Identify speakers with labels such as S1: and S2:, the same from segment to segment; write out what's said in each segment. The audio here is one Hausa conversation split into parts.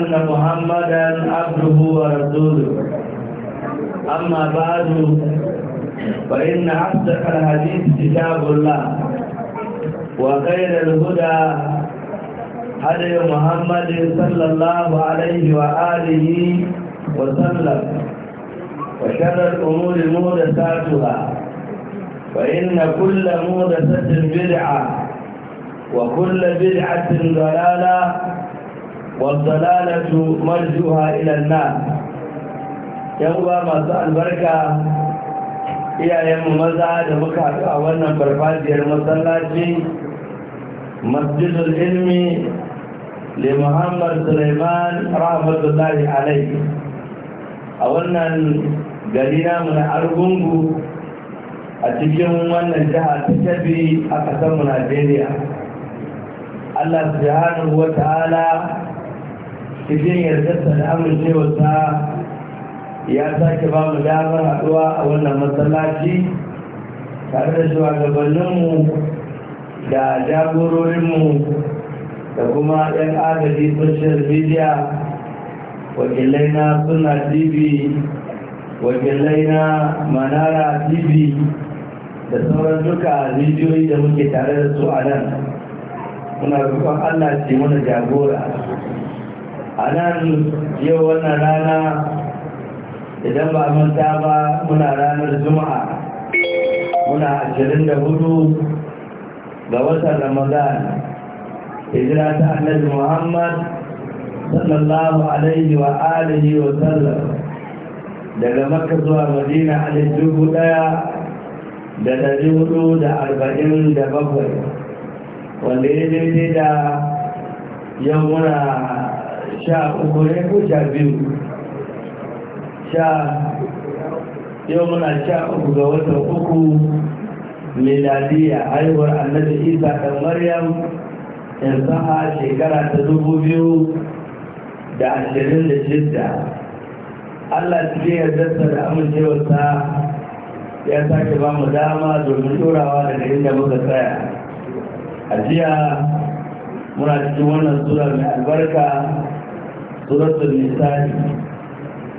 S1: anna muhammadan abduhu wa rasuluhu amma ba'du fa inna asdaq al-hadith kitabullah wa khayr al-huda hadi muhammad sallallahu alayhi wa alihi wa sallam wa sharra al-umur muhdathatuha fa inna kull muhdathatin bid'ah wa kull bid'atin dalalah والضلالة مرجوها إلى النار 'yan uwa سأل albarka, iyayenmu maza da muka haɗu a wannan farfajiyar masallaci masjidul ilmi le muhammad suleiman rahmatullahi alai a wannan gari namu na argungu a cikin wannan jiha ta tabi a ƙasarmu najeriya allah subhanahu wa ta'ala cikin yardarsa da amincewarsa ya sake ba mu damar haɗuwa a wannan masallaci tare da mu da jagororinmu da kuma ɗan agaji social media wakilai na suna tv wakilai na manara tv da sauran duka rijiyoyi da muke tare da su a nan muna rufon allah ce mana jagora a nan yau wannan rana idan ba manta ba muna ranar juma'a muna da hudu ga watan ramadan hijira ta annabi muhammad sallallahu alaihi wa alihi wa sallam daga makka zuwa madina a dubu daya da dari hudu da arba'in da bakwai wanda ya daidai da yau muna sha uku ne ko sha biyu sha yau muna sha uku ga watan uku miladiya haihuwar annabi isa ɗan maryam yanzu shekara ta dubu biyu da ashirin da shidda allah cikin yardarsa da amincewarsa ya sake ba mu dama domin turawa daga inda muka tsaya a jiya muna cikin wannan sura mai albarka suratul nisa'i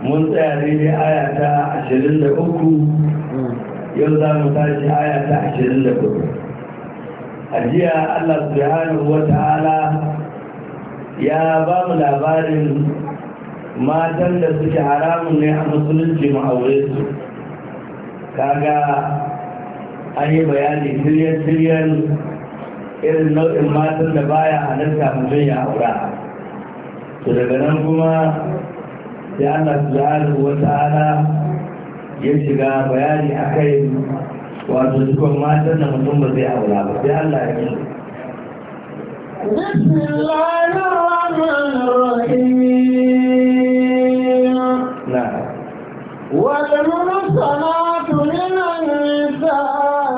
S1: mun tsaya ayata aya ta 23 yau za mu tashi aya ta 24 a jiya Allah subhanahu wa ya ba mu labarin matan da suke haramun ne a musulunci ma'aure su kaga an yi bayani shiryen irin nau'in matan da baya halarta mutum ya aura to daga nan kuma ya Allah subhanahu ya shiga bayani akai wato cikon matan da mutum ba zai aura ba sai
S2: Allah ya والمرسلات من النساء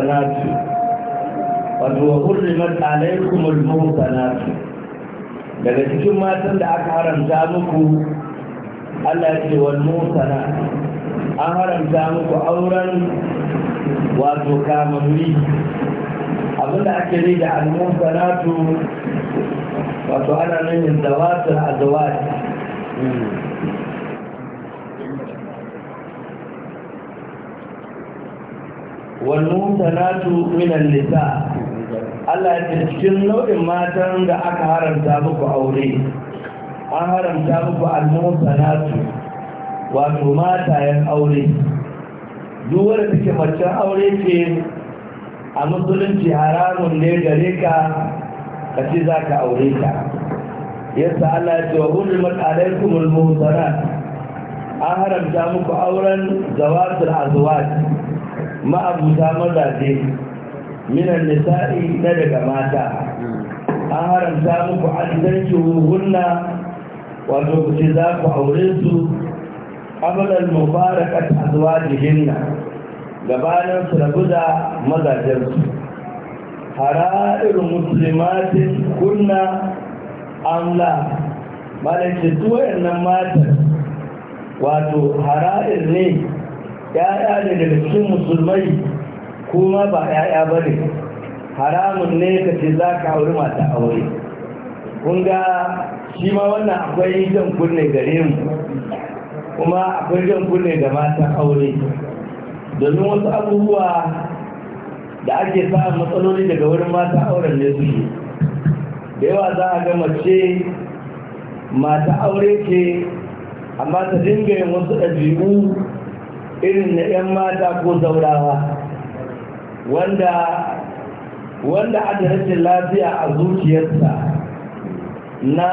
S1: Wato المحصنات وحرمت عليكم المحصنات daga cikin matan da aka haramta muku Allah ce wal musana an haramta muku auren wato kamanni abinda ake yi da al musanatu wato ana nan nuna zawatul azwaj والممتنات من النساء Allah ya cikin nau'in matan da aka haramta muku aure an haramta muku al-mumtanatu wato matayen aure duk wanda take macen aure ce a musulunci haramun ne gare ka ka ce za ka aure ta yasa Allah ya ce wa hurrimat alaikumul mumtanat an haramta muku auren zawatul azwaj ma'abuta mazaje minan nisa'i na daga mata an haramta muku addanci hunna wato ku ce za ku aure su abalar mubarakat jihinna gabanin su rabu da mazajensu hara'ir musulmatin kunna amla malaikin duwayen nan matar, wato hara'ir ne ya'ya ne daga cikin musulmai kuma ba ya'ya ba ne haramun ne ka ce za ka auri mata aure kun ga shi ma wannan akwai jan kunne gare mu kuma akwai jan kunne ga matan aure domin wasu abubuwa da ake samun matsaloli daga wurin mata auren ne suke da yawa za a ga mace mata aure ce amma ta dinga yin wasu ɗabi'u irin na 'yan mata ko zaurawa wanda wanda ada lafiya a zuciyarsa na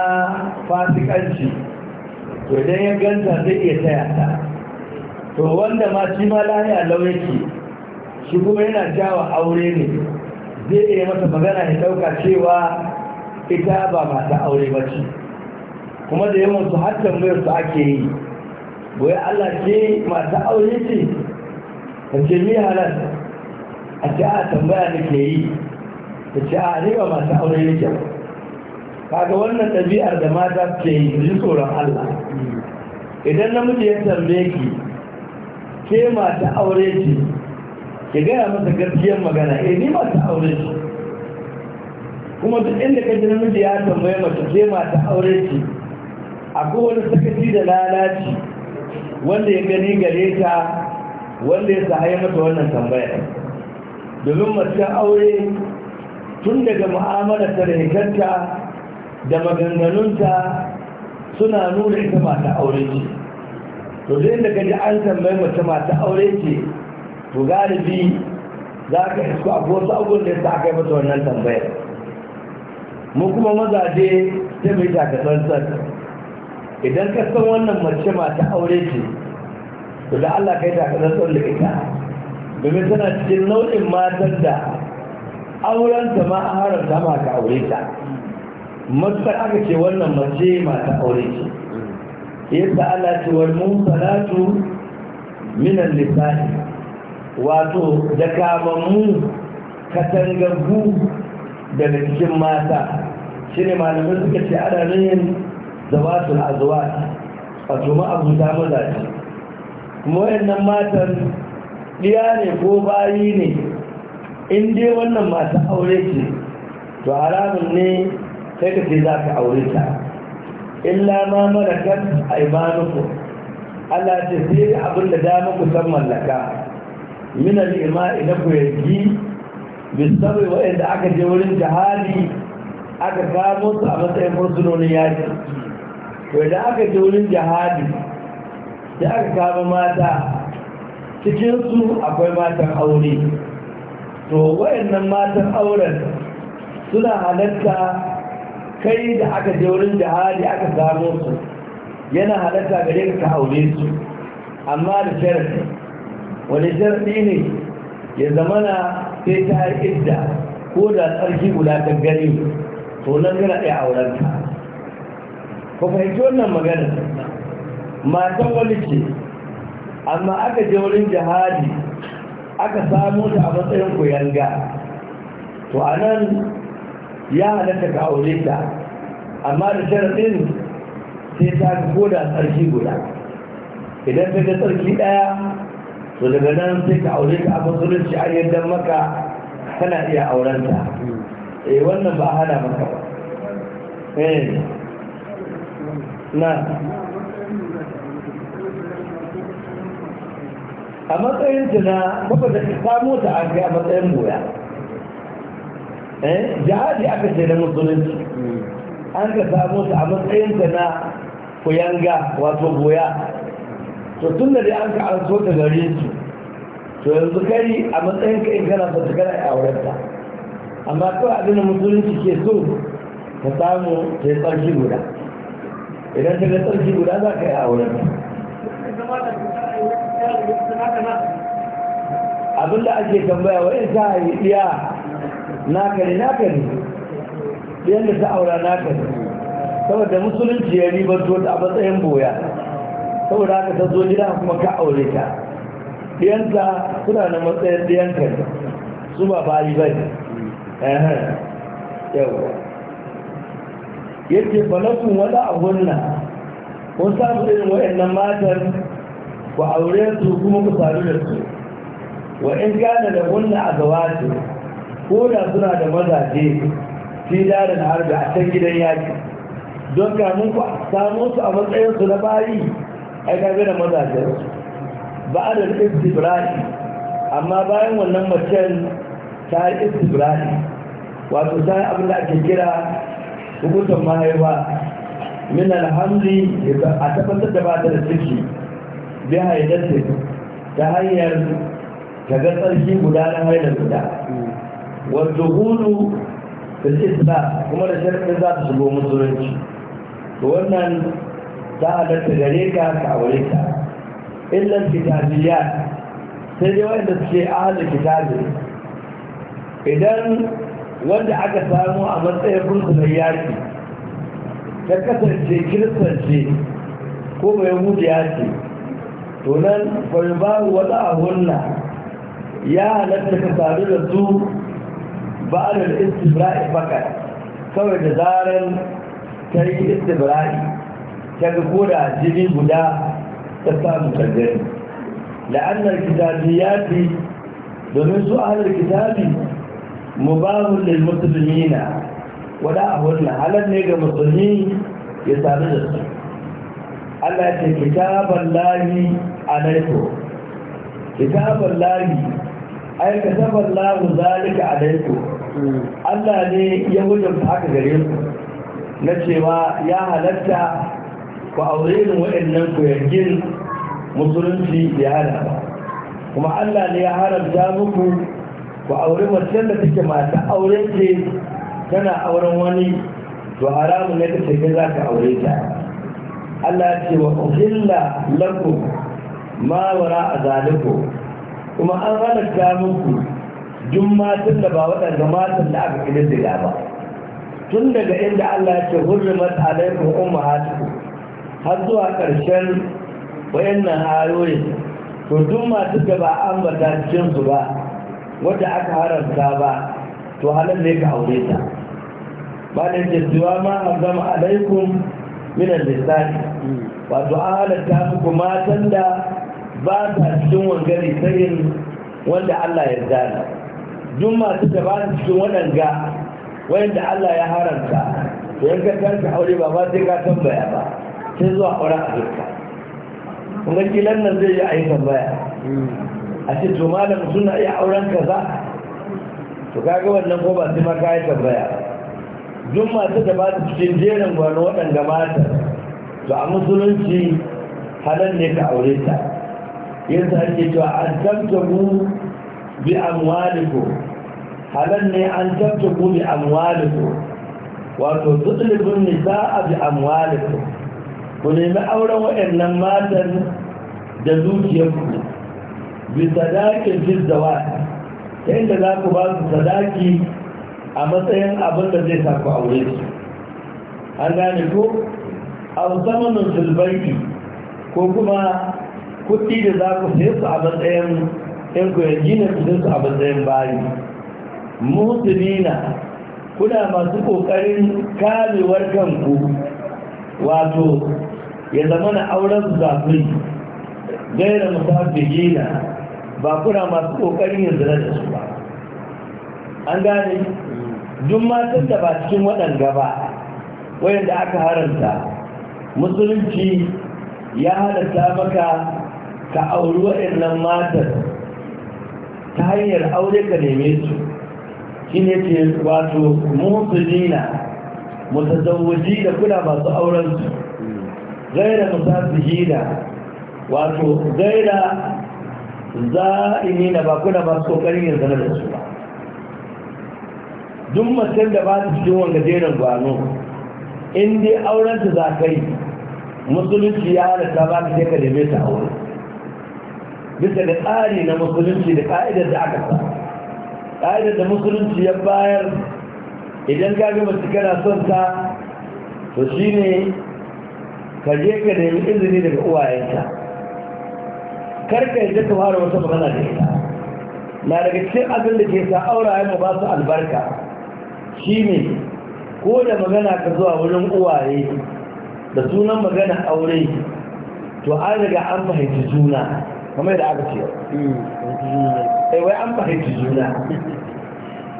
S1: fasikanci to idan ya ganta zai iya taya ta to wanda ma shi ma lahiya lauyaki shi kuma yana jawa aure ne zai iya masa magana ya ɗauka cewa ita ba mata aure ba ce kuma da yawan su har tambayar su ake yi wai Allah ke masu aure ce ta ce ni halar a ce a tambaya da ke yi ta ce a ne ba masu aure ne ke kaga wannan ɗabi'ar da mata ke yi ji tsoron Allah idan namiji ya tambaye ki ke masu aure ce ki gaya masa gaskiyar magana eh ni masu aure ce kuma duk inda ka ji namiji ya tambaye mace ke masu aure ce akwai wani sakaci da lalaci wanda ya gani gare ta wanda ya sahaye mata wannan tambaya domin mace aure tun daga mu'amala ta da da maganganunta suna nuna ita mata aure ce to da kaji an tambayi mace mata aure ce to galibi za ka isko a wasu abubuwan da ya aka mata wannan tambaya, mu kuma mazaje ta mai takasantar idan ka san wannan mace mata aure ce to da Allah kai ta kadan son da ita domin tana cikin nau'in matan da auren ta ma a haramta ma ka aure ta matsar aka ce wannan mace mata aure ce yadda Allah ce wal musalatu minan lisani wato da kamammu katangabu daga cikin mata shine malamai suka ce ana yin zawatul azwat abu ma'abuta mazaje kuma wayannan matan diya ne ko bayi ne in dai wannan mata aure ce to haramun ne sai ka ce za ka aure ta illa ma a aimanuku Allah ce sai abin da dama ku san mallaka min al-ima'i na ku yanki bisabai waɗanda aka je wurin jihadi aka kamo su a matsayin fursunonin yaki to aka ce wurin jihadi da aka kama mata cikinsu akwai matan aure to wayannan matan auren suna halatta kai da aka ce wurin jihadi aka samu su yana halatta gare ka ka aure su amma da sharafi wani sharafi ne ya zamana sai ta idda ko da tsarki guda ta gani to nan gana ɗaya aurenta ku fahimci wannan magana matan wani ce amma aka je wurin jihadi aka samu ta a matsayin kuyanga to a nan ya halatta ka aure ta amma da sharaɗin sai ta ko da tsarki guda idan ta ga tsarki ɗaya to daga nan sai ka aure ta a shi a yadda maka kana iya aurenta eh wannan ba hana maka ba eh. a matsayin zina kuma da samu ta an a matsayin goya eh jihadi aka ce na musulunci an ka samu ta a matsayin na kuyanga wato goya to tun da dai an ka an ta gare su to yanzu kai a matsayin ka in kana so ta gara a aurenta amma kawai abin da musulunci ke so ka samu ta yi tsarki guda idan ta ga tsarki guda za ka yi auren abinda ake tambaya wa yin ta yi iya naka ne naka ne yadda ta aura naka ne saboda musulunci ya ribanto ta a matsayin boya saboda haka ta zo gida kuma ka aure ta ta suna na matsayin ɗiyanka su ba bari ba ne yake balakun wani abunna kun samu irin wayannan matan ku aure su kuma ku sadu da su wa in gane da kunna a gawa ko da suna da mazaje fi darin harbi a can gidan yaki don kamun ku samu su a matsayin su na bayi ai gabe da mazaje ba a da istibrahi amma bayan wannan macen ta yi istibrahi wato ta yi abin da ake kira hukuncin mahaifa min alhamdi a tabbatar da ba ta da ciki bi haidatin ta hanyar kaga tsarki guda na haidar guda wadda hudu da isla kuma da sharfin za ta shigo musulunci to wannan za a datta gare ka ka aure ta illan kitabiyya sai dai wanda suke ahalin kitabi idan wanda aka samu a matsayin rukunan yaki ta kasance kiristance ko mai hujiya yaki to nan ba wani a ya halatta ka sadu da su ba da istibra'i baka kawai da zarar ta yi istibra'i ta ga koda jini guda ta samu kangare la'annar kitabi ya domin su ahalar mubahun lil muslimina wada ahunna halar ne ga musulmi ya sadu da su Allah ce kitaban lahi alaikum Kitabar lahi ai kitaban lahu zalika alaikum Allah ne ya wujin haka gare ku na cewa ya halatta ku aure ni waɗannan ku yankin musulunci ya hana kuma Allah ne ya haramta muku ku aure mace da take mata auren ce tana auren wani to haramun ne ta take za ka aure ta Allah ce wa uhilla lakum ma wara azaliku kuma an halatta muku duk matan da ba waɗanda matan da aka kididdiga ba tun daga inda Allah ya ce hurrimat alaikum ummahatukum har zuwa ƙarshen wayannan ayoyi to duk matan da ba ambata cikin su ba wanda aka haranta ba to halin ne ka aure ta ba da zuwa ma a zama alaikum minan lissani wato an halatta muku matan da ba ta cikin wangare sayin wanda Allah ya zana duk masu da ba su cikin waɗanga wanda Allah ya haranta to yanka kanka aure ba ba sai ka tambaya ba sai zuwa auren a duka kuma kilan nan zai yi a yi tambaya a ce to malam suna iya auren kaza to kaga wannan ko ba sai ma kai tambaya duk masu da ba su cikin jerin gwano waɗanda mata to a musulunci halal ne ka aure ta yin sa ake to an ku bi amwaliku halal ne an ku bi amwaliku wato tutlibun nisa'a bi amwaliku ku nemi auren waɗannan matan da zuciyarku bisadakin jizdawa ta yadda za ku ba su sadaki a matsayin abin da zai saku aure su an gane ko a zamanin zulbanki ko kuma kuɗi da za ku sai su a matsayin yan ku yanki na ku su a matsayin bayi musulina kuna masu ƙoƙarin kamewar kanku wato ya zama na auren zafi gaira jina ba kuna masu ƙoƙarin yanzu na da su ba an gane duk matan da ba cikin waɗanda ba wayanda aka haranta musulunci ya halatta maka ka auri waɗannan matan ta hanyar aure ka neme su shi ne ce wato musulina mutazawwaji da kuna masu aurensu gaira musafihina wato gaira Za a yi za'imina ba kuna masu kokarin yin zana da su ba duk masar da ba su cikin wanga jerin gwano in dai auren ta za ka yi musulunci ya halatta ba ka ka mesa ta aure bisa da tsari na musulunci da ka'idar da aka sa ka'idar da musulunci ya bayar idan ka gama cikin kana son ta to shine ka je ka nemi izini daga uwayenta karka yadda ta fara wata magana da ita na daga cikin abin da ke sa aura mu ba su albarka Shi ne, ko da magana ka zuwa wurin uwaye da sunan magana aure to an daga an fahimci juna kamar da aka ce eh wai an fahimci juna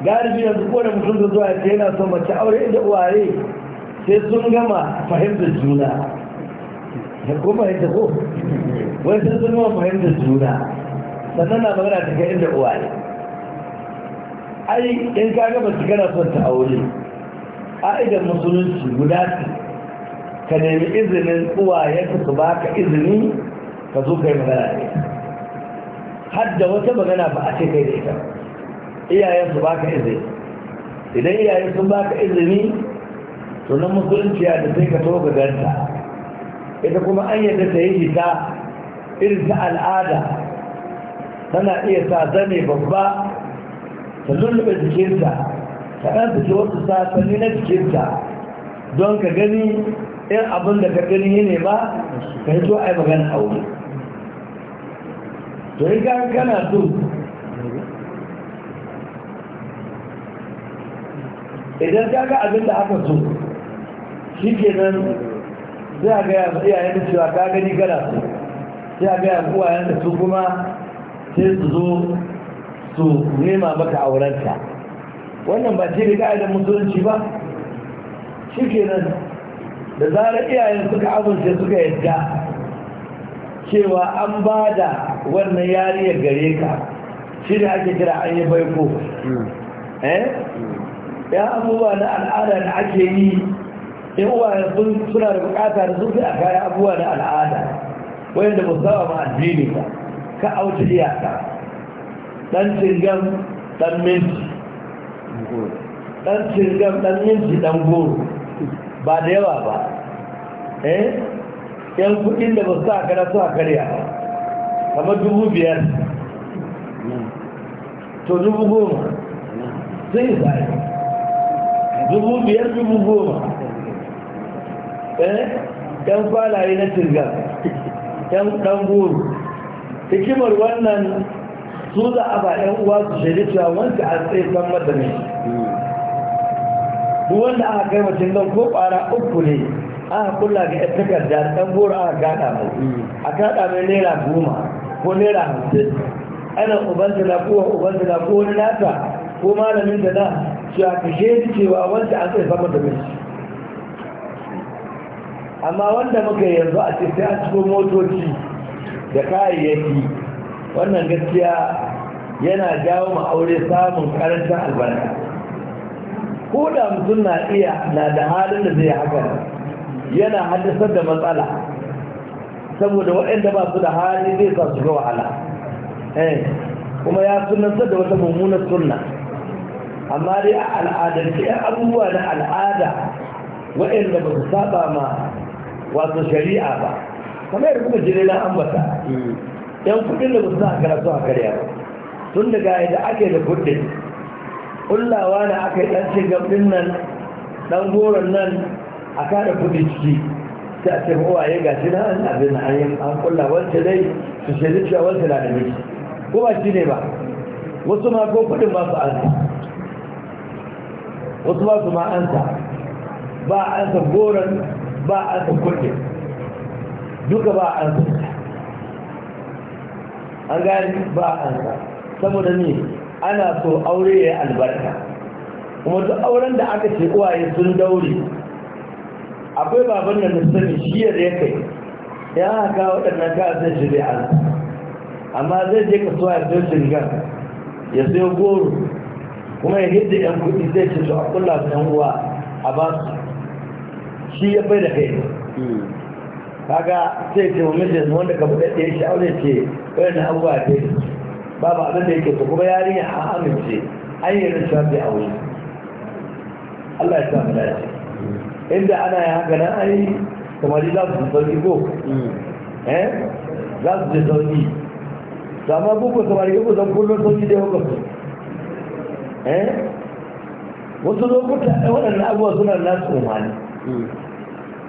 S1: galibi yanzu ko da mutum da zuwa ce yana son mace aure inda uwaye sai sun gama fahimtar juna da kuma yadda wani wai sun zama fahimtar juna sannan na magana ta kai inda uwa ne ai in ka gaba su gana son ta aure idan musulunci guda ce ka nemi izinin uwayenka su baka izini ka zo kai magana ne har da wata magana ba a ce kai da ita iyayen su baka izini idan iyayen sun baka izini to nan musulunci ya da sai ka tawo ganta ita kuma an yadda ta yi ita irin ta al'ada tana iya ta zane babba ta lullube jikinta ta ɗan fice wasu sassani na jikinta don ka gani in abin da ka gani ne ba ka yi a yi magana aure to yi kana so idan ka ga abin da aka so shi ke nan. sai a gaya su iyayen da cewa ka gani gada su sai a gaya su uwayen da su kuma sai su zo su nema maka aurenta wannan ba ce da ka'idar musulunci ba shi kenan da zarar iyayen suka amince suka yadda cewa an ba da wannan yariya gare ka shi da ake kira an yi baiko hmm. eh ya abubuwa na al'ada da ake yi in uwaye suna da bukata da sun a kayan abubuwa na al'ada wanda ba saba ma addini ba ka auta iyaka dan cingam dan minti dan cingam dan minti dan goro ba da yawa ba eh yan kudin da ba su haka na su haka riya kamar dubu biyar to dubu goma sai sai dubu biyar dubu goma ɗan eh? falaye na turga ɗan ɗangoro hikimar wannan su za a ba ɗan uwa su shaidu cewa wanda a tsaye san mata ne duk wanda aka kai mutum don ko ƙwara uku ne aka kula ga yan takarda ɗan goro aka gada mai a gaɗa mai naira goma ko naira hamsin ana ubanta na kowa ubanta na ko wani nata ko malamin da na cewa ka shaidu cewa wanda a tsaye san mata ne amma wanda muka yanzu a ce a cikin motoci da kayayyaki wannan gaskiya yana jawo ma'aure samun karancin albarka ko da mutum na iya na da halin da zai haka yana haddasar da matsala saboda waɗanda ba su da hali zai sa su ga wahala eh, kuma ya sunantar da wata mummunar sunna amma dai a al'adance abubuwa na al'ada waɗanda ba su saba ma wato shari'a ba kamar yadda kuma jire na bata. yan kudin da musu a karatu a karya ba tun daga yadda ake da kudin kullawa na aka yi ɗan cigam ɗin nan ɗan goron nan a kada kudi ciki sai a kowa ya gashi na an abin na an an kulla wancan dai su zai cewa wancan na da miki ko ba shi ne ba wasu ma ko kudin ba su ansa wasu ba su ma ansa ba ansa goron ba a san duka ba a san an gani ba a san saboda ne ana so aure ya albarka kuma duk auren da aka ce uwaye sun daure akwai baban da musulmi shi da ya kai ya haka waɗannan ka zai shirya an amma zai je kasuwa ya sayo shirgan ya sayo goro kuma ya hidda yan kuɗi zai ce su a kulla su yan uwa a ba shi ya bai da kai hmm. kaga sai ce mamin da wanda ka buɗe ɗaya shi aure ce bai na abubuwa ce ba ba abin da yake so kuma yarinya a amince an yi rin shafi a wuri Allah ya sa mu dace hmm. inda ana yi haka nan an yi kamar za su sauki ko hmm. eh za su ji sauki sama buku samari ga kusan kullum sauki dai hukun su eh wasu lokuta waɗannan abubuwa suna nasu umarni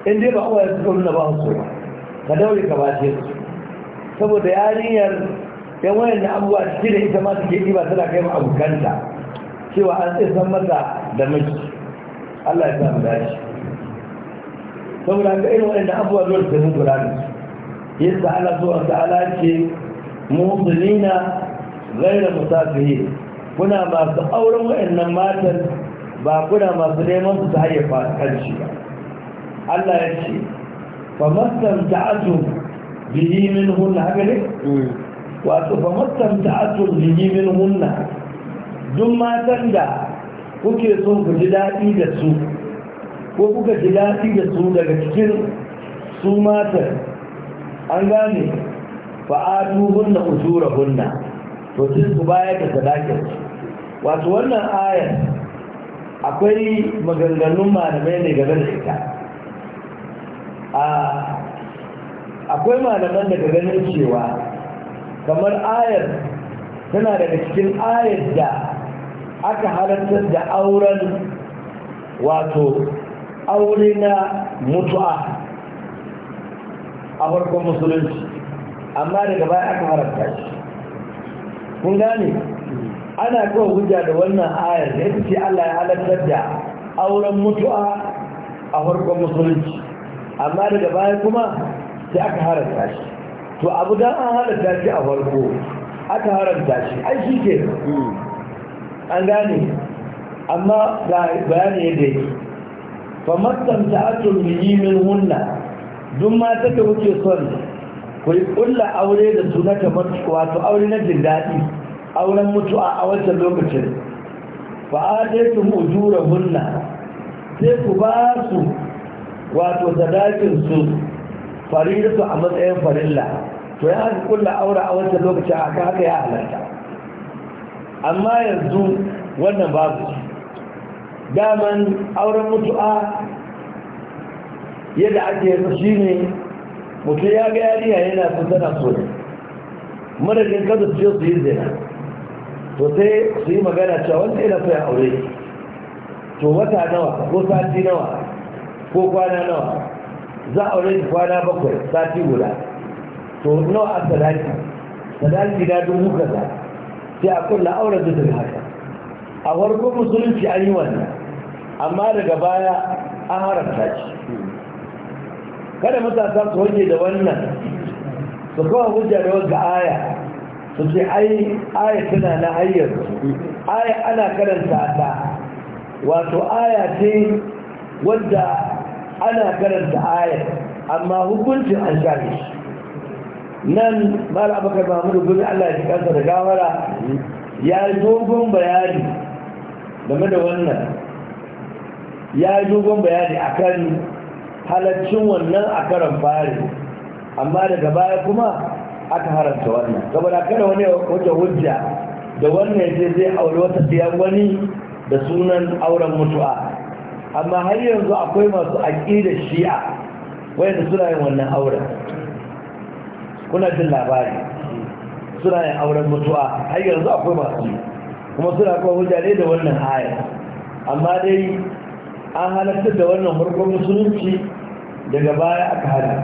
S1: in dai ba uwa ya suka na ba su ka daure ka bace su saboda yarinyar yan wayan da abubuwa cikin da ita ma suke ba tana kai ma abokanta cewa an san mata da miki Allah ya sa mu dace saboda haka irin wayan da abubuwa dole da sun kula da su yadda Allah zuwa ta ala ce mu'minina gaira musafiri kuna masu auren nan matan ba kuna masu neman su ta hanyar fasikanci ba Allah ya ce fa mastamta'atu bihi hunna haka ne hmm. wato fa mastamta'atu bihi hunna duk matan da kuke son ku ji daɗi da su ko kuka ji daɗi da su daga cikin su matan an gane fa'adu hunna usura hunna to sun su bayar da sadakin wato wannan ayar akwai maganganun malamai ne game da ita akwai malaman daga ganin cewa kamar ayar tana daga cikin ayar da aka halartar da auren wato aure na mutu'a a farkon musulunci amma daga baya aka haramta shi kun gane ana kawai hujja da wannan ayar da ita ce Allah ya halartar da auren mutu'a a farkon musulunci amma daga baya kuma sai aka haramta shi to abu don an haramta shi a farko aka haramta shi ai shi ke hmm. an gane amma ga bayani yadda yake fa matsanta atun yi min hunna duk mata da kuke son ku yi aure da su na kamar wato aure na jin daɗi auren mutuwa a wancan lokacin fa a ɗaya su hunna sai ku ba su wato sadakin su farirsu a matsayin farilla to ya haka kulla aure a wancan lokaci a haka haka ya halarta amma yanzu wannan babu daman auren mutu'a yadda ake yanzu shi ne mutum ya ga yariya yana sun tana so ne madadin kada su ce su yi zina to sai su yi magana cewa wanda yana so ya aure to wata nawa ko sati nawa ko kwana nawa za a aure kwana bakwai sati guda to nawa a sadaki sadaki na dubu kaza sai a kulla auren da daga haka a farkon musulunci an yi wannan amma daga baya an haramta shi kada matasa su wanke da wannan su kawo hujja da wanda aya su ce ai aya tana na hanyar aya ana karanta ta wato aya ce wadda ana karanta ayar amma hukuncin an shafe shi nan mara abokan mahmudu gudun allah ya kansa da gawara ya yi dogon bayani game da wannan ya yi dogon bayani a kan halaccin wannan a karan fari amma daga baya kuma aka haramta wannan saboda kada wani wata hujja da wannan ya ce zai aure wata siyan wani da sunan auren mutu'a amma har yanzu akwai masu aƙidar shi'a wayanda suna yin wannan auren kuna jin labari suna yin auren mutuwa har yanzu akwai masu kuma suna kuma hujjare da wannan aya amma dai an halatta da wannan farkon musulunci daga baya aka hada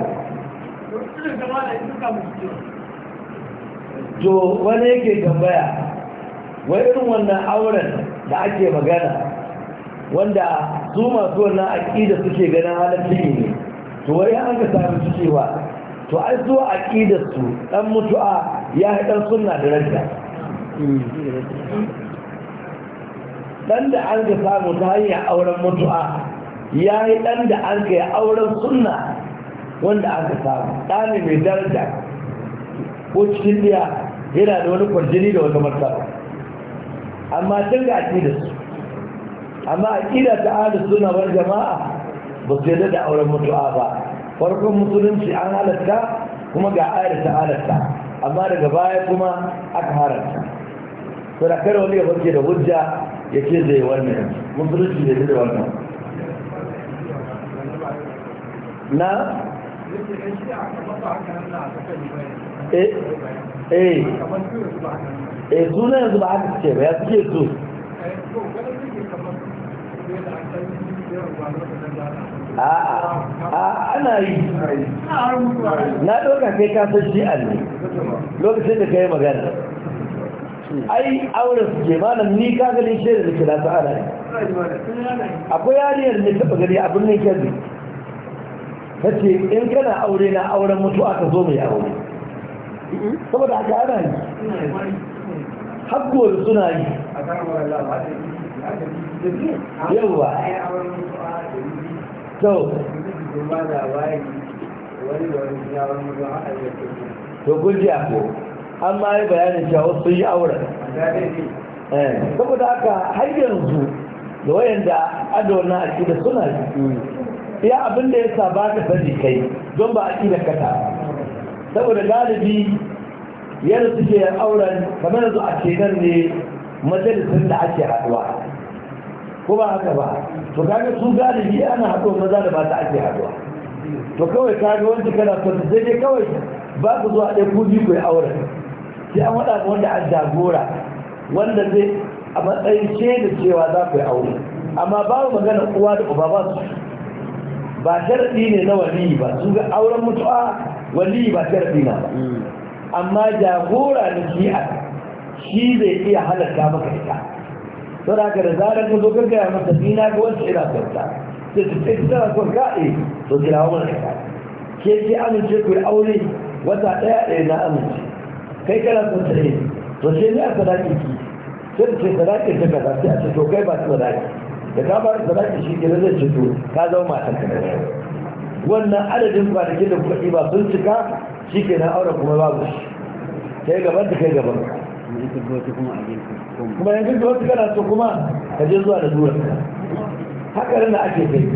S1: to wani yake tambaya wai irin wannan auren da ake magana wanda su masu wannan aƙida suke ganin halarci ne to wai an ka samu cewa to ai zuwa aƙidar su ɗan mutu'a ya ɗan suna da ranta ɗan da an ka samu ta hanyar auren mutu'a ya yi ɗan da an ka yi auren suna wanda an ka samu ɗani mai daraja ko cikin diya yana da wani kwarjini da wata martaba amma tun ga aƙidar su amma a ƙila ta ahlus sunna wal jama'a ba su da auren mutu'a ba farkon musulunci an halatta kuma ga ayar ta halatta amma daga baya kuma aka haramta to da kar wani ya farke da hujja ya ce zai wannan musulunci da da wannan na eh eh eh sunan yanzu ba haka ce ba ya suke su a ana yi na ɗauka kai kasar shi'an ne lokacin da ka yi magana ai auren su ke malam ni kagalin shaida da kira ta ana akwai yariyar ne taɓa gari a birnin kyanzu ta ce in kana aure na auren mutuwa aka zo mai aure saboda aka ana yi har suna yi yawa to to kun ji ko an ma yi bayanin cewa sun yi auren eh. saboda haka har yanzu da wayanda ado na akida suna iya abin da ya saba ka sani kai don ba da kata saboda galibi yadda suke auren kamar yanzu a kenan ne majalisar da ake haduwa ko ba haka ba to kaga su galibi ana haɗo maza da mata ake haɗuwa to kawai ga wanda kana so sai dai kawai ba ku zuwa ɗaya ku biyu ku yi aure sai an waɗa ga wanda an jagora wanda zai a matsayin shaida cewa za ku yi aure amma babu magana uwa da uba ba su ba sharaɗi ne na waliyi ba su ga auren mutuwa waliyi ba sharaɗi na ba mm. amma jagora na shi'a shi zai iya halarta maka ita sau da ka da zarar ka zo ka gaya mata ni na ga wasu ina kwanta sai ta sai tana son kaɗe eh. to kira wa mana ka ke ke amince ku aure wata ɗaya ɗaya eh, na amince kai kana son ta ne eh. to sai ni a sadaki ki sai ta ce sadaki ta kaza sai a ce to kai ba su sadaki da ka ba sadaki shi ke zai ce to ka zama matan ka wannan adadin kwanakin da kuka ɗiba sun cika shi ke nan aure kuma babu shi kai gaban ta kai gaban ka. kuma yanzu da wasu kana so kuma ka je zuwa da durar haka rana ake kai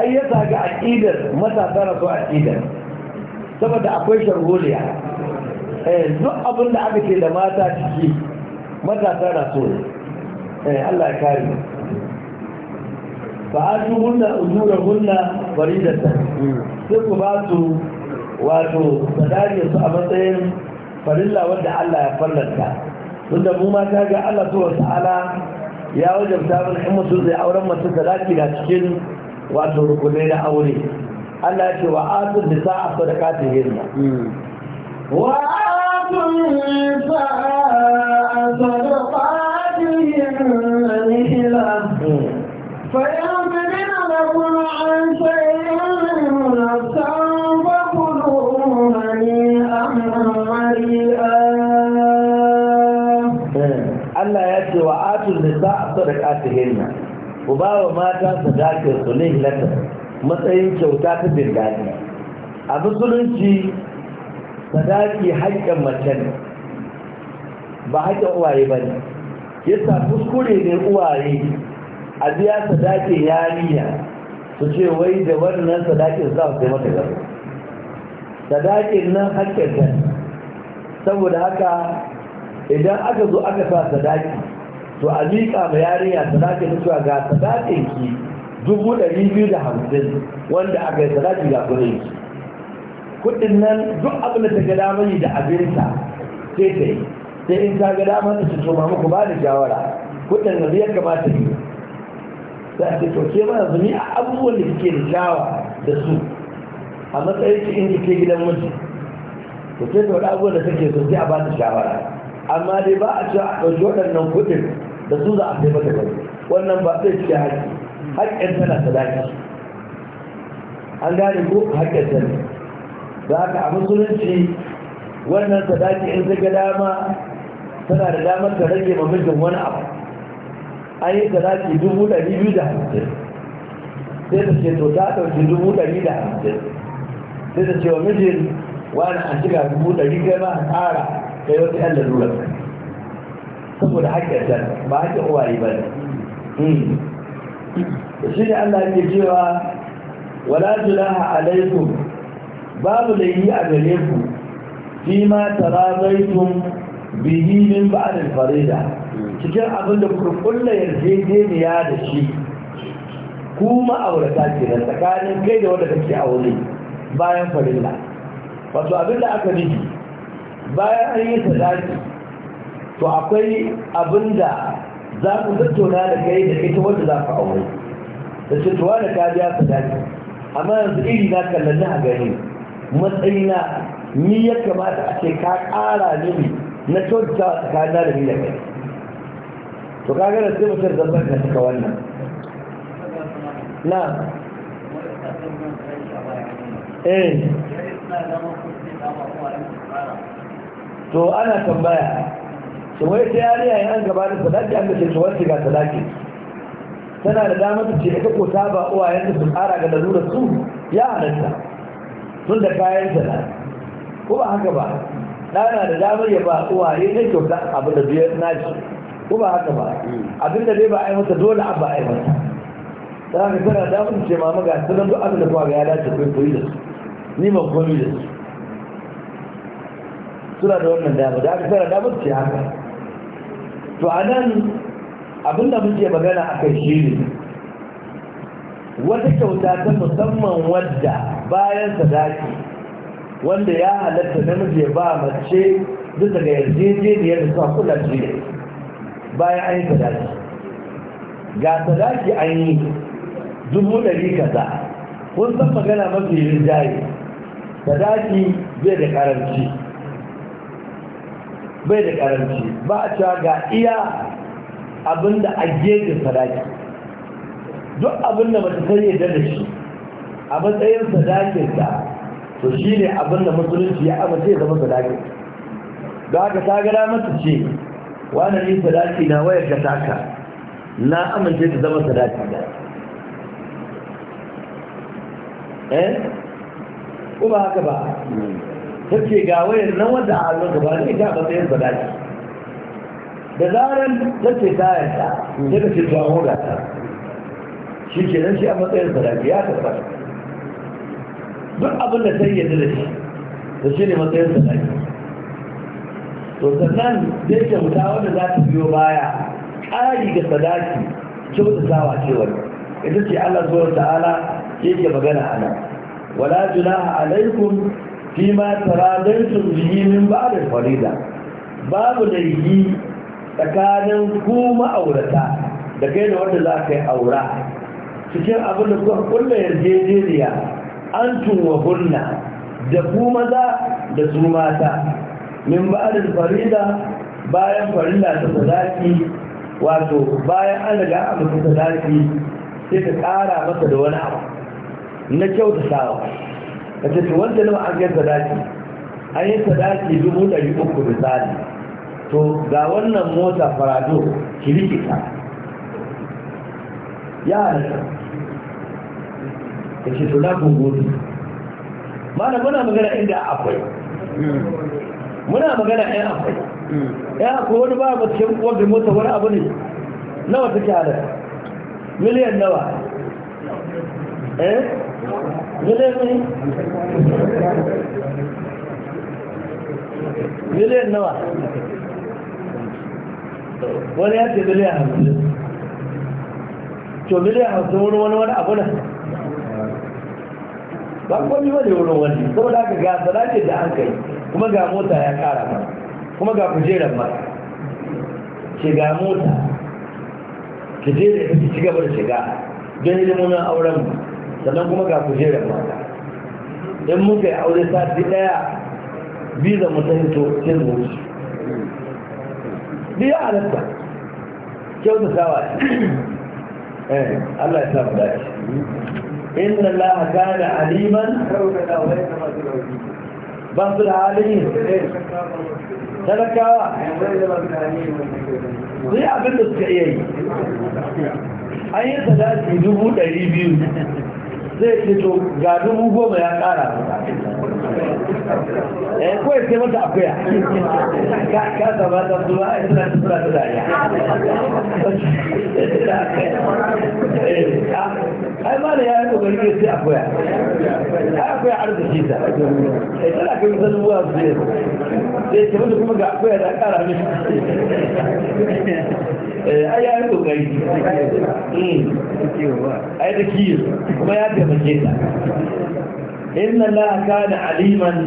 S1: ai ya ga aqidar matasa na so aqidar saboda akwai sharholiya eh, duk abin da aka ke da mata ciki matasa na so Eh Allah ya kare fa atu hunna ujura hunna faridatan sai ku ba su wato sadari su a matsayin farilla wanda Allah ya fallanta tun da mu ma ta ga Allah ta ta'ala ya wajabta mana in zai auren mace talaki ga cikin wato rukunai na aure Allah ya ce wa atun da sa a sadaka ta hirna wa
S2: atun sa a sadaka ta fa yamina lakum
S1: Allah ce wa atun nisa sadaqatihinna ku ba wa mata sadaqar su ne matsayin kyauta ta bin a musulunci sadaki haƙƙin mace ba haƙƙin uwaye ba ne yasa kuskure ne uwaye a biya sadakin yariya su ce wai da wannan sadakin za su kai mata gaba sadakin nan haƙƙin ta saboda haka idan aka zo aka sa sadaki to a miƙa ma yarinya sadaki na cewa ga sadakin ki dubu ɗari biyu da hamsin wanda aka yi sadaki ga kudin ki kuɗin nan duk abin da ta ga dama da abinta sai ta yi sai in ta ga damar da ce to ma muku ba da shawara kuɗin nan ya kamata yi za a ce to ke mana zumi a abubuwan da kike da shawa da su a matsayin ki in ke gidan mutum to sai ta wani abubuwan da take so sai a ba ta shawara amma dai ba a cewa a ɗauki waɗannan kuɗin da su za a sai mata bane wannan ba zai cike haƙƙi haƙƙin tana sadaki an gane ko haƙƙin tana za ka a musulunci wannan sadaki in ta ga dama tana da damar ta rage ma mijin wani abu an yi sadaki dubu ɗari biyu da hamsin sai ta ce to ta ɗauki dubu ɗari da hamsin sai ta ce wa mijin wani an cika dubu ɗari kai ma a ƙara kai wata yan lalurar saboda haƙƙin ta ba haƙƙin uwaye ba ne hmm. shi ne Allah ke cewa wala julaha alaikum babu laifi a gare ku fi ma tarazaitum bihi min farida cikin abin da kuka kulla yarjejeniya da shi ku ma'aurata ke da tsakanin kai da wanda kake aure bayan farilla wato abin da aka nufi bayan an yi sadaki to akwai abin da za ku tattauna da kai da ita wanda za ku aure da cutuwa da ka biya sadaki amma yanzu iri na kallon a gani matsayina ni ya kamata a ce ka ƙara ne na kyautata tsakanin da ni da kai to ka gana sai mutum zambar na suka wannan na eh to ana tambaya su wai ta yariya ya an gaba da sadaki an da ke tsohon shiga sadaki tana da damar ta ce ita ko ta ba uwa yadda su tsara ga lalurar su ya halatta tun da kayan sana na ko ba haka ba ɗana da damar ya ba uwa ya ne kyauta abu da biyar ce ko ba haka ba abin da dai ba a yi masa dole a ba a yi mata. ta haka tana damar ta ce mama ga sanar duk abin da kuwa ga ya dace kwaikwayi da su ni ma komi da su suna da wannan dama da aka da damar ce haka to a nan abinda muke magana a kai shi ne wata kyauta ta musamman wadda bayan sadaki wanda ya halatta namiji ba mace duk daga yarjejeniyar da suka kula ce bayan an yi sadaki ga sadaki an yi dubu ɗari kaza kun san magana mafi rinjaye sadaki zai da karanci bai da karanci ba a cewa ga iya abinda a gefe sadaki duk abinda mata ta yadda da shi a matsayin sadakinta to shi ne abinda musulunci ya amince ya zama sadakin ga haka ta gada mata ce wani ne sadaki na wayar ka taka na amince ta zama sadaki da eh ko ba haka ba ta ce ga wayar nan wanda a allon gaba ne ta matsayin balaji da zarar ta ce ta yarda sai ta ce ta hoda ta shi ke nan shi a matsayin balaji ya karɓa duk abin da ta yi da shi da shi ne matsayin balaji to sannan zai kyauta wanda za ta biyo baya ƙari ga sadaki kyautatawa ce wani ita ce allah zuwa ta'ala yake magana a nan wala junaha alaikum fi ma taradantun bihi min da farida babu yi tsakanin ku ma'aurata da kai da wanda za ka yi aura cikin abin da kuka kulle yarjejeniya an tunwa hunna da ku maza da su mata min da farida bayan farida ta sadaki wato bayan an daga a mutu sadaki sai ka kara masa da wani abu na kyautatawa ka ce wanda nawa an yi sadaki an yi sadaki dubu yi uku misali to ga wannan mota farado ki ya halatta ka ce to na gungudu mana muna magana inda akwai muna magana ɗaya akwai hmm. Ya akwai wani ba mace wanda mota wani abu ne nawa take halatta miliyan nawa eh miliyan nawa wani ya ce miliyan hamsin to miliyan hamsin wani wani wani abu nan ba kwami wani wurin wani saboda aka ga sanace da an kai kuma ga mota ya kara ma kuma ga kujerar ma ce ga mota ki je da ya ci gaba da shiga don ilimomin auren mu sannan kuma ga kujerar mata in muka yi aure sati daya biza mu ta hito sai mu wuce biya halatta kyauta sawa eh Allah ya sa mu dace inna Allah kana aliman ba su da halin talakawa sai abin da suka iya yi an yi sadaki dubu ɗari biyu zai fito to ga dubu goma ya kara eh ko ya ce mata akuya ka ka zama ta zuwa a ina ta zuwa ai ma da ya yi kokari ne sai akwai akwai arziki ta sai tana kai musan su sai kuma ga akwai kara mishi eh, ai ya yi hmm. ai da kiyo kuma ya ta inna aka kana aliman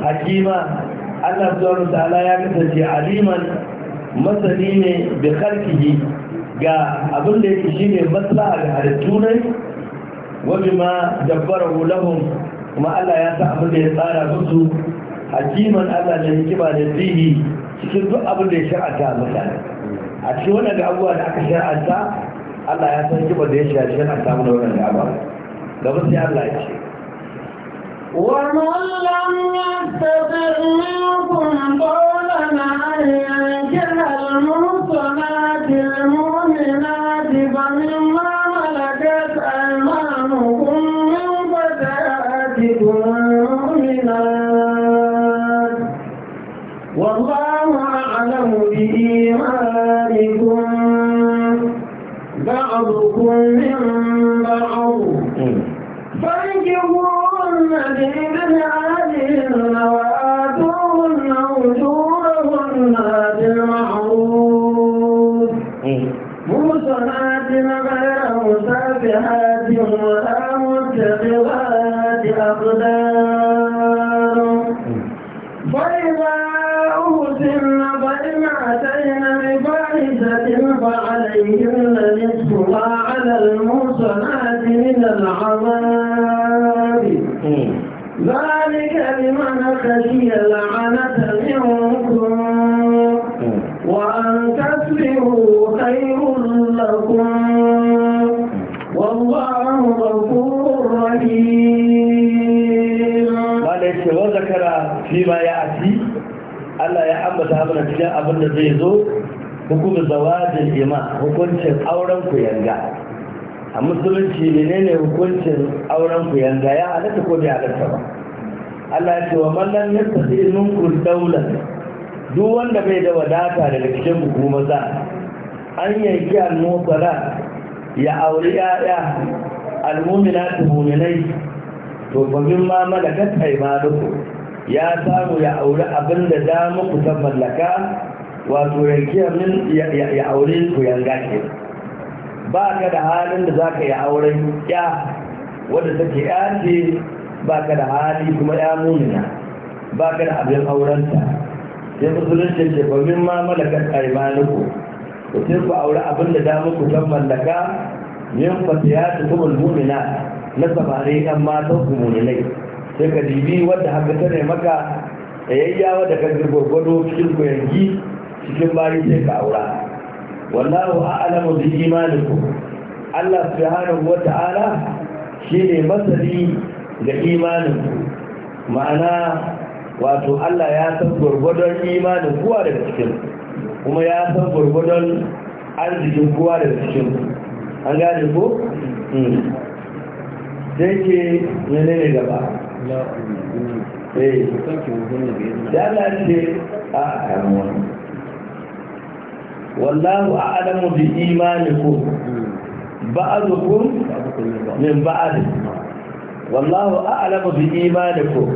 S1: hakima Allah subhanahu wa ta'ala ya kasance aliman masani ne bi khalqihi ga abin da yake shi ne matsala ga halittu ne wajen ma jabbara hulahun kuma Allah ya sa abin da ya tsara musu hakiman Allah da ba da zihi cikin duk abin da ya shar'anta mutane a cikin waɗanda abubuwa da aka shar'anta Allah ya san kiba da ya shar'anta mu da waɗanda abubuwa gaba sai Allah ya ce
S2: ومن لم يستطع منكم قولا ان ينكح المحصنات
S1: mana cikin abin da zai zo hukumar zawajin ima hukuncin auren ku yanga a musulunci menene hukuncin auren ku yanga ya halatta ko bai halatta ba Allah ya ce wa mallan ya tafi minkum daular duk wanda bai da wadata daga cikin hukumar za an yanki al-mubara ya auri ya'ya al-mu'minatu mu'minai to fa mimma malakat aymanukum ya samu ya auri abin da za muku ta mallaka wato yankiya min ya auri ku yanga ke ba ka da halin da za ka yi auren ya wadda take ya ce ba ka da hali kuma ya mumina ba ka da abin aurenta sai musulun ce ba min ma malakar karimaniku ku sai ku auri abin da za muku ta mallaka yin fasiya da kuma munina na samari kan matan ku muminai sai ka dibi wadda haka ta ne maka tsayayya wadda ka gurgurgwado cikin kuyangi cikin bayi sai ka aura wallahu a'lamu bi imaniku Allah subhanahu wa ta'ala shine masali ga imaninku ma'ana wato Allah ya san gwargwadon imanin kuwa daga cikin kuma ya san gwargwadon arzikin kuwa daga cikin an gane ko? Hmm. sai ke nene ne gaba eh kanki mutum ne da Allah ce a kamuwa wallahu a'lamu bi imanikum mm. ba'dukum min ba'd wallahu a'lamu bi imanikum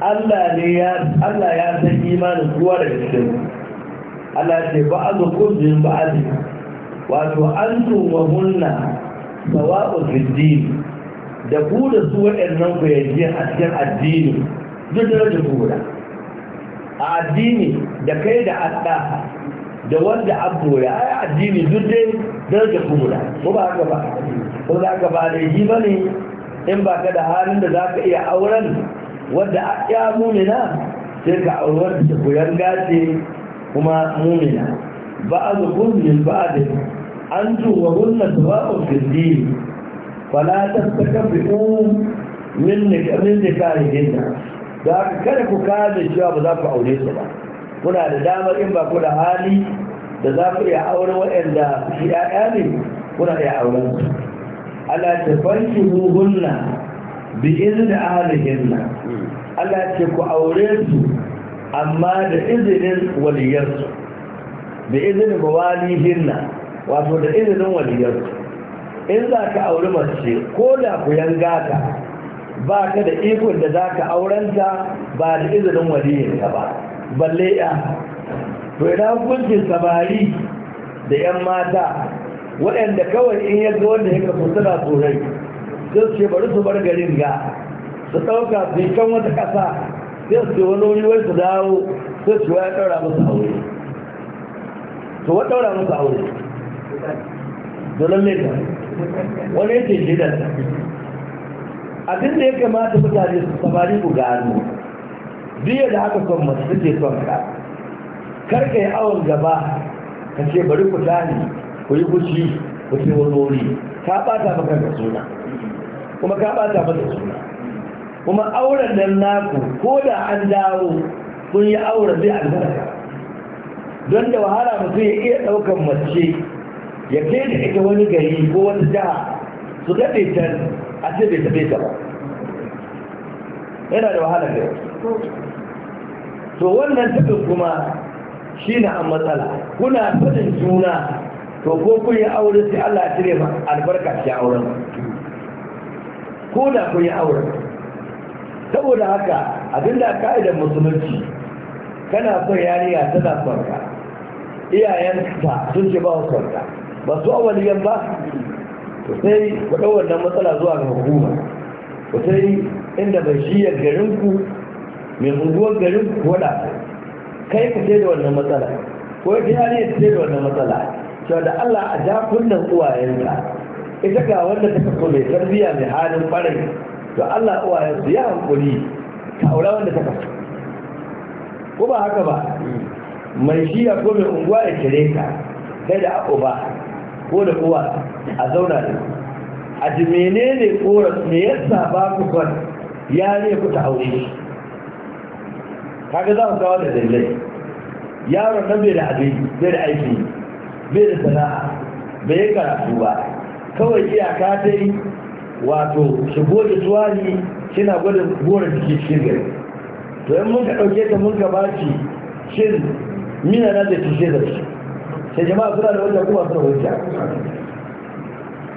S1: Allah Allah ya san imanin kowa Allah ce min wato wa sawa'u da ku su waɗannan bayyajen a cikin addini duk da rage guda a addini da kai da adda da wanda abdoya a addini duk da rage guda ko ba haka ba ko za ka ba da yi ba ne in ba ka da halin da za ka iya auren wadda ya mumina sai ka auren da kuyan gace kuma mumina ba a zukun a ba an tuwa wannan sababin fiddini fala tastakabi'u min min nikahihinna da haka kada ku kada cewa ba za ku aure su ba kuna da damar in ba ku da hali da za ku iya auren waɗanda shi ya'ya ne kuna iya auren su ala ta fanki ruhunna bi izini ahalihinna ala ce ku aure su amma da izinin waliyarsu da izinin mawalihinna wato da izinin waliyarsu in za ka auri mace ko da ku yanga ka ba ka da ikon da za ka aurenta ba da izinin waliyinka ba balle ya to ina hukuncin sabari da 'yan mata waɗanda kawai in ya zo wanda ya kafa suna turai sai su bari su bar garin ga su ɗauka su kan wata ƙasa sai su wani wuri wai su dawo sai su ya ɗaura musu aure to wa ɗaura musu aure domin mai wani yake shidan abin Abinda ya kamata mutane su samari ku gano biya da aka son masu suke son ka karka yi awon gaba ka ce bari ku gani ku yi kushi, ku ce wani ka bata maka da suna kuma ka bata maka suna kuma auren nan naku ko da an dawo kun yi auren zai albarka don da wahala mutum ya iya ɗaukan mace ya kai ita wani gari ko wani jiha su daɗe can a ce bai tafe ta ba yana da wahala da to wannan tafi kuma shi na an matsala kuna fadin juna to ko kun yi aure sai Allah ya cire albarka shi auren ko da kun yi auren saboda haka abinda ka'idar musulunci kana son yariya tana son iyayen ta sun ce ba su ba su awaliyan ba to sai ku ɗau wannan matsala zuwa ga hukuma ku sai inda bai shiyar garinku mai unguwar garinku wada kai ku sai da wannan matsala ko ya yare ya sai da wannan matsala cewa da Allah a ja kunnen uwayenka ita ga wanda ta kafa mai tarbiyya mai halin ɓarai to Allah uwayensu ya hankuli ka aura wanda ta kafa ko ba haka ba mai shiya ko mai unguwa ya kire ka kai da abu ba ko da kowa a zauna da a ji ne koras me yasa ba ku kwan ya ne ku ta aure shi kaga za ku kawo da dalilai yaron nan bai da abin bai da aiki bai da sana'a bai karatu ba kawai iyaka ta yi wato shigo da tuwali suna gwada gora jiki cikin gari to yan mun ka ɗauke ta mun ka ba shi shin mina na da tushe da shi sai jama'a suna da wajen kuma suna hujja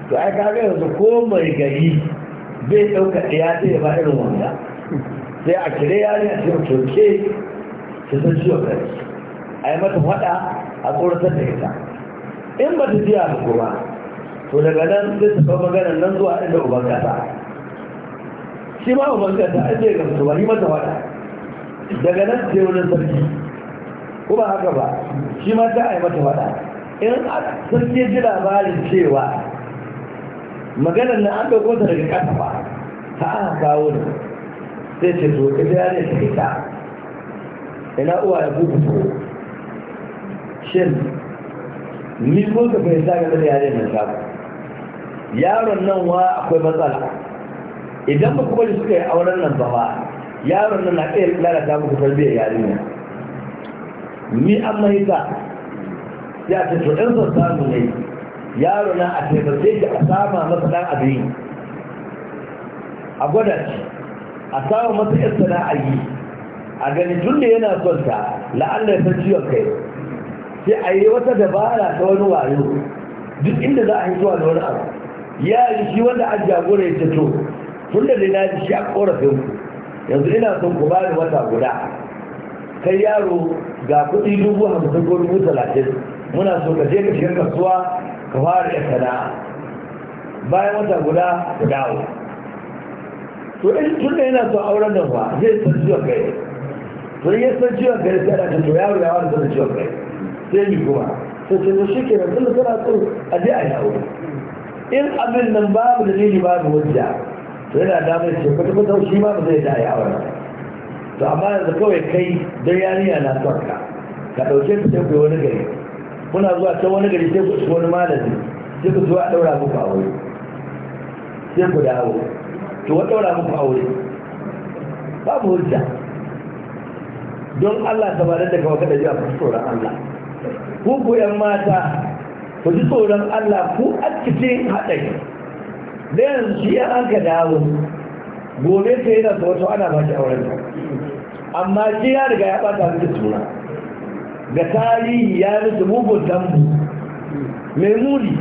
S1: to ai kaga yanzu ko mai gari bai ɗauka ɗaya sai ya ba irin wanda sai a kire ya ne a cikin toke su san ciwon kare a yi mata faɗa a tsoratar da ita in ba ta jiya da kuma to daga nan zai tafi magana nan zuwa inda uban kasa shi ma uban kasa an je ga su ba yi mata faɗa daga nan sai wani sarki kuma ba haka ba shi ma za a yi mata faɗa in sun ke ji labarin cewa maganar na an ɗauko ta daga ƙasa ba ta a kawo ne sai ce to ka jira ne ta ta ina uwa ya buku to shin ni ko ka fahimta ga da yare mai sabu yaron nan wa akwai matsala idan ba ku bari suka yi auren nan ba yaron nan na iya lalata muku tarbiyyar yarinya ni an mahita ya ce to ɗan son samu ne yaro na a taimake shi a sama masa ɗan abin a gwada shi a sama masa yan sana'a yi a gani tun da yana son ta la'alla ya san ciwon kai sai a yi wata dabara ta wani wayo duk inda za a yi zuwa da wani abu ya yi shi wanda an jagora ya ce to tun da na ji shi a korafin ku yanzu ina son ku ba da wata guda kai yaro ga kudi dubu hamsin ko dubu talatin muna so ka je ka shiga kasuwa ka fara ya sana'a bayan wata guda ka dawo to in eh, tun da yana so auren nan ba zai san ciwon kai to in ya san ciwon kai sai da to yaro ya wani san ciwon kai sai ni kuma sai ce to shi ke tun da tana so a je a yi aure in abin nan babu dalili babu wajiya. to yana damar ce kwata-kwata shi ma ba zai da ya auren to amma yanzu kawai kai don yariya na son ka dauke ɗauke ta sai ku wani gari kuna zuwa ta wani gari sai ku wani malami sai ku zuwa ɗaura muku aure sai ku dawo to wa ɗaura muku aure babu hujja don Allah ta ba da kawai kada ji a fi tsoron Allah ku ku ‘yan mata ku ji tsoron Allah ku a cikin haɗari da yanzu shi an ka dawo gobe ka yi da wato ana ba shi auren ka amma shi ya riga ya bata musu suna ga tarihi ya musu mugun dambu mai muni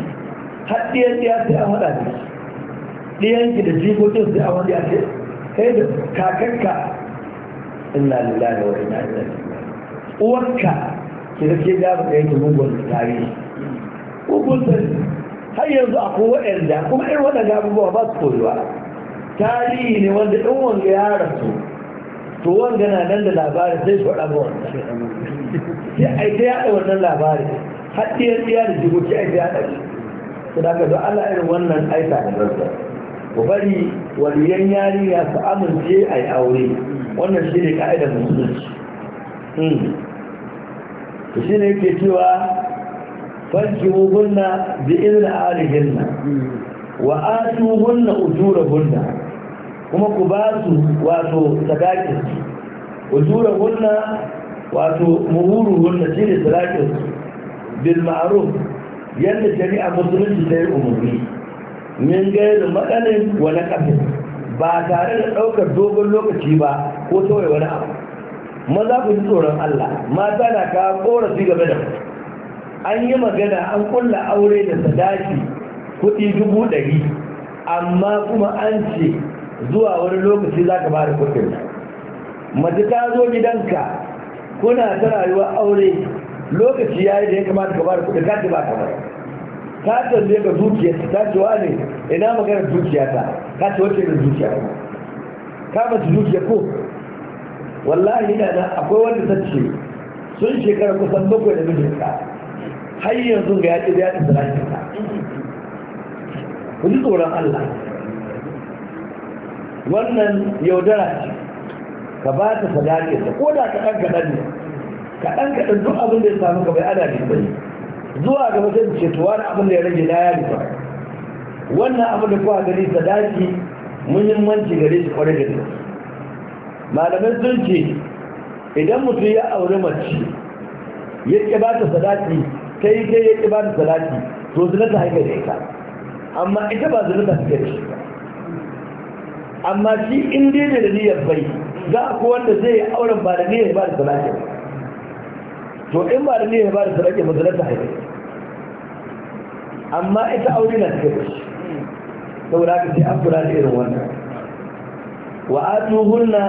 S1: har ya sai an haɗa da shi ɗiyan ki da jikokin sai a wani ake kai da kakakka inna lillahi da wani ilaihi uwarka ki da ke gaba da yake mugun tarihi mugun tarihi har yanzu a akwai waɗanda kuma irin wadanda abubuwa ba su koyuwa tarihi ne wanda ɗan wanda ya rasu to wanda na nan da labarin sai su faɗa mawa sai a yi yaɗa wannan labarin haɗiyar ɗiya da jibuci a yi yaɗa shi su da ka zo Allah irin wannan aita da rarsa ku bari waliyan yariya su amince a yi aure wannan shi ne ka'idar musulunci hmm. to shi ne yake cewa fanki mugunna bi izinin alihinna wa atu hunna ujura hunna kuma ku ba su wato sadakin ujura hunna wato muhuru hunna shi ne sadakin bil ma'ruf yadda shari'a musulunci ta yi umarni min da matsalin wani kafin ba tare da ɗaukar dogon lokaci ba ko tawai wani abu maza ku ji tsoron Allah mata na kawo ƙorafi game da an yi magana an kulla aure da sadaki kuɗi dubu ɗari amma kuma an ce zuwa wani lokaci za ka bada kurkin mace ta zo gidanka kuna ta rayuwa aure lokaci ya yi da ya kamata ka bada kurkin ka ba ka bada ta tambaye ka zuciya ta ce wa ne ina maganar zuciya ta ce wace da zuciya ka mace zuciya ko wallahi ina na akwai wanda ta ce sun shekara kusan bakwai da mijinka har yanzu ga yaƙi da yaƙi da lafiya ku ji tsoron Allah wannan yaudara ce ka ba ta sadaki ta ko da kaɗan kaɗan ne kaɗan kaɗan duk abin da ya samu ka bai ada ba ne zuwa ga mutum ce to wani abin da ya rage na ya rufa wannan abin da kuwa gari sadaki muhimmanci gare shi kwarai da gaske malamai sun ce idan mutum ya aure mace ya ƙi ba ta sadaki ta yi ta ya ƙi ba ta sadaki to zinata ta da ita amma ita ba zinata haifar da shi ba amma shi in dai da niyyar bai za a ko wanda zai yi auren ba da niyyar ba da sadaki to in ba da niyyar ba da sadaki ba zalata haifi amma ita aure na cikin shi saboda haka sai an kula da irin wannan wa atuhunna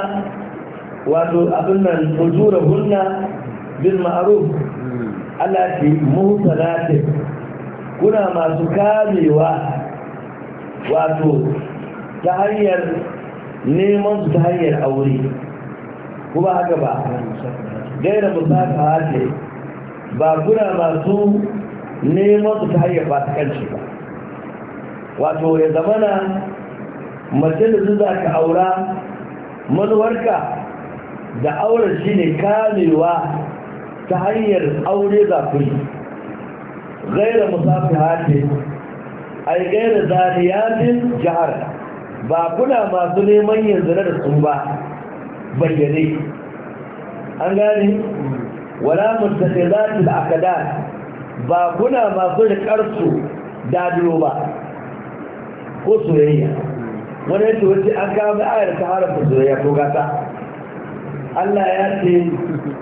S1: wato abin nan hunna bil ma'ruf Allah ce muhsanatin kuna masu kamewa wato ta hanyar neman su ta hanyar aure kuma haka ba gaira musaka ce ba kuna masu neman su ta hanyar ba ta ba wato ya zamana mace da su za ka aura manuwarka da aure shi ne kamewa ta hanyar aure za ku yi gaira musafi hatin ai gaira zariyatin jihar ba kuna masu neman yanzu na da sun ba bayyane an gane wala al akadat ba kuna masu da dadiro ba ko soyayya wani yadda wace an kama ayar ta haramta soyayya ko gata Allah ya ce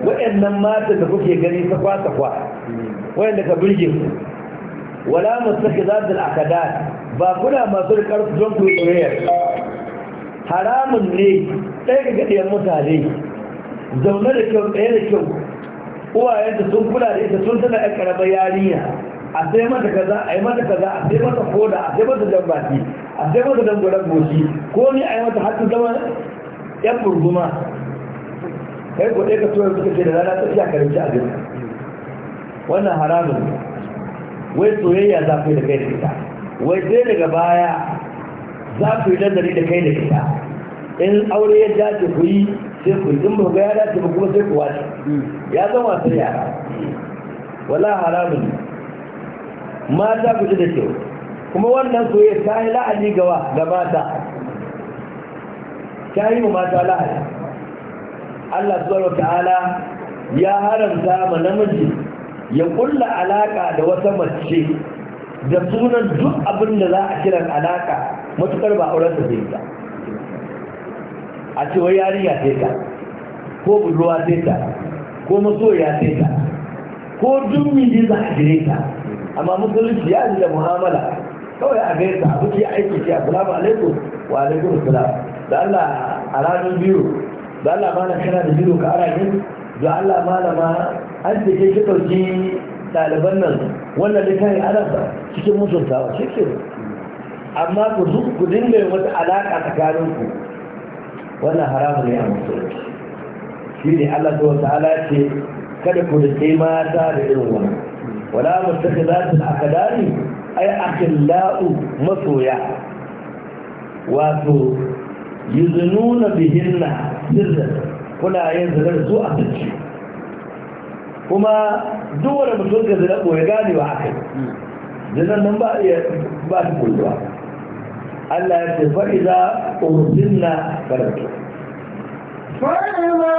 S1: waɗannan mata da kuke gani ta kwata kwa waɗanda ka birge ku wala al akadat ba kuna masu da ƙarfi don ku haramun ne ɗaya ga gaɗiyar mutane zaune da kyau ɗaya da kyau uwayenta sun kula da ita sun tana ɗan ƙaramar yariya a sai mata kaza a yi mata kaza a sai mata koda a sai mata jambaki a sai mata dangwaren goshi ko ni a yi mata hatta zama yan burguma kai ko ɗaya ka soya suka ce da rana tafiya fiya karanci a gina wannan haramun wai soyayya za ku yi da kai da ita wai daga baya za ku yi nazari da kai da kita in aure ya dace ku yi sai ku in ba ga ya dace ba kuma sai ku wace ya zama wasan yara wala haramun mata ku ji da kyau kuma wannan soyayya ta yi la'ani gawa ga mata ta yi mata la'ani Allah subhanahu ta'ala ya haramta ma namiji ya kulla alaka da wata mace da sunan duk abin da za a kiran alaka matukar ba auren ta zai ta a cewa yariya zai ta ko budurwa zai ta ko masoya zai ta ko duk miji za a gire ta amma musulunci ya da muhammala kawai a gaisa a ke aiki ce assalamu alaikum wa alaikum assalam da Allah a ranar biyu da Allah ma na kana da biyu ka ara da Allah ma na ma an ce ke shi ɗauki ɗaliban nan wannan littafin ana cikin mutuntawa cikin? amma ku duk dinga yin wata alaƙa tsakaninku wannan haramun ne a musulunci shi ne Allah ta wata ala kada ku da taimata da irin wani wala mutaka za su aka dani ai akillau masoya wato yuzununa bihinna sirran kuna yin zirar zuwa a cikin kuma duk wani mutum ga zina ya gane ba haka zinan nan ba iya ba ta kulluwa Allah ya ce fa'iza urzinna barka
S2: fa'iza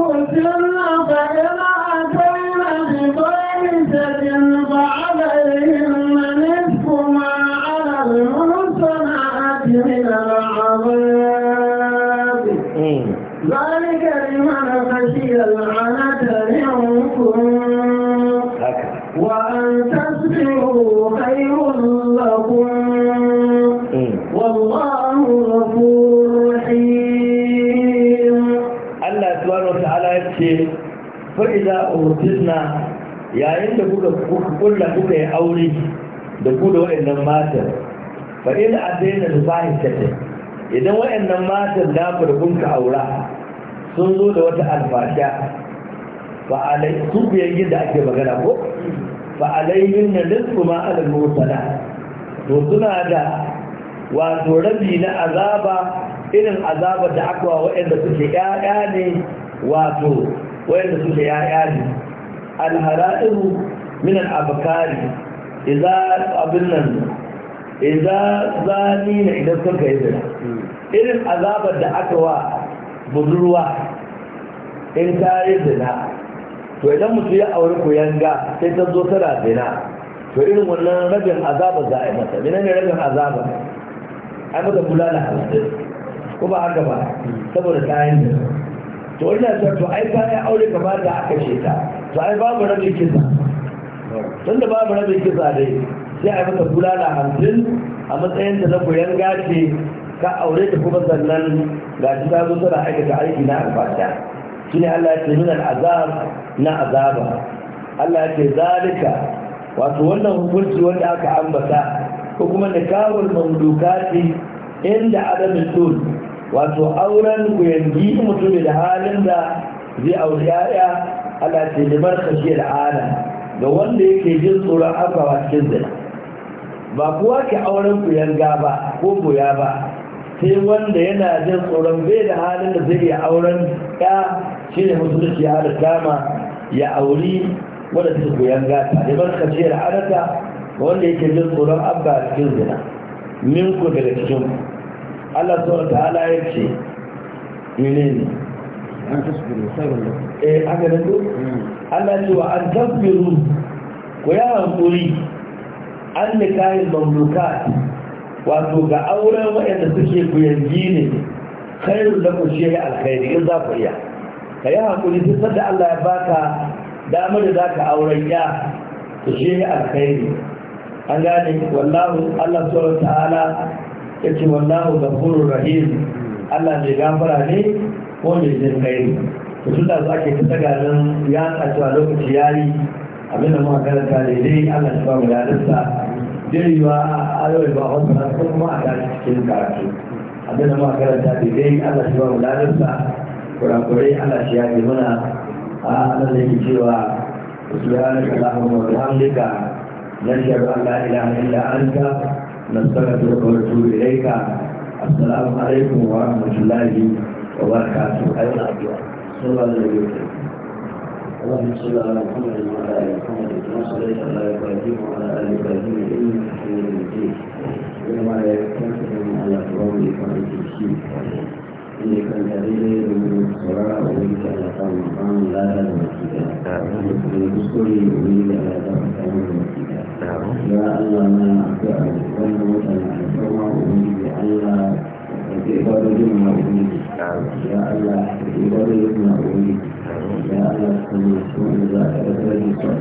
S2: urzinna barka ma a tsaye da ba a
S1: fa'iza urtizna yayin da kuka kulla kuka yi aure da ku da waɗannan matan fa in adaina da fahishata idan waɗannan matan da kun ka aura sun zo da wata alfasha fa alai su biyan da ake magana ko fa alai na rizqu ma ala mutala to suna da wato rabi na azaba irin azaba da aka wa waɗanda suke ƴaƴa ne wato wayanda suke ya'ya ne alhara'iru min al-abkari idza abin nan idza zani na idan ka yi zina irin azabar da aka wa budurwa in ta yi zina to idan mutu ya aure ku yanga sai ta zo tara zina to irin wannan rabin azabar za a yi masa ne rabin azabar ai mata kula da halittu ko ba haka ba saboda ta yi zina to wannan ta to ai bayan aure gaba da aka ce ta to ai babu rabin kisa tun da babu rabin kisa dai sai a mata bulala hamsin a matsayin da na koyan gace ka aure ta kuma sannan ga shi ta zo tana aikata aiki na alfata shi ne Allah ya ce min al'azab na azaba Allah ya ce zalika wato wannan hukunci wanda aka ambata ko kuma nikawul mamlukati inda adamin tun wato auren ku yanzu mutum da halin da zai auri ya'ya ana ce liman da ala ga wanda yake jin tsoron abawa cikin zina ba kuwa ke auren ku yanga ba ko goya ba sai wanda yana jin tsoron bai da halin da zai iya auren ya shi ne da ya da dama ya auri wanda ta goyan gata liman ala al'ada wanda yake jin tsoron abba cikin zina min ku daga cikin ku Allah subhanahu ta'ala ya ce ne an tasbiru sabon eh a ganin do Allah ce wa an tasbiru ku ya hankuri an ne kayan mamluka wato ga auren waɗanda suke ku yanzu ne khairu da ku shi alkhairi in za ku iya ka yi hankuri sun sadda Allah ya baka damar da za ka auren ya ku shi alkhairi an gane wallahu Allah subhanahu ta'ala ya ce wallahu gafurur rahim Allah ne gafara ne ko ne jin kai to su da ake ta ganin ya tsaci lokaci yayi abin da muka karanta daidai Allah ya ba mu ladarsa jirewa a ayoyi ba wasu na kuma a tashi cikin karatu abinda da muka karanta daidai Allah ya ba mu ladarsa kurakurai Allah ya yi mana a nan da yake cewa subhanaka allahumma wa bihamdika nashhadu an la ilaha illa anta نستغفرك ونتوب إليك السلام عليكم ورحمة الله وبركاته أيها الاخوه صلى الله عليه وسلم اللهم صل على محمد وعلى آل محمد كما صليت على إبراهيم وعلى آل
S3: إبراهيم إنك حميد مجيد إنما يكفيكم على قوم إبراهيم الشيخ إنك أنت ليل الصلاة وإنك على قوم لا لا نمسك آمين. على ذلك أمر ya Allah na addu'a wanda mutane a kuma ubangiji Allah da ke gwado jin na ubangiji ya Allah da ke gwado jin na ubangiji ya Allah ka ne su wanda za a ɗaga da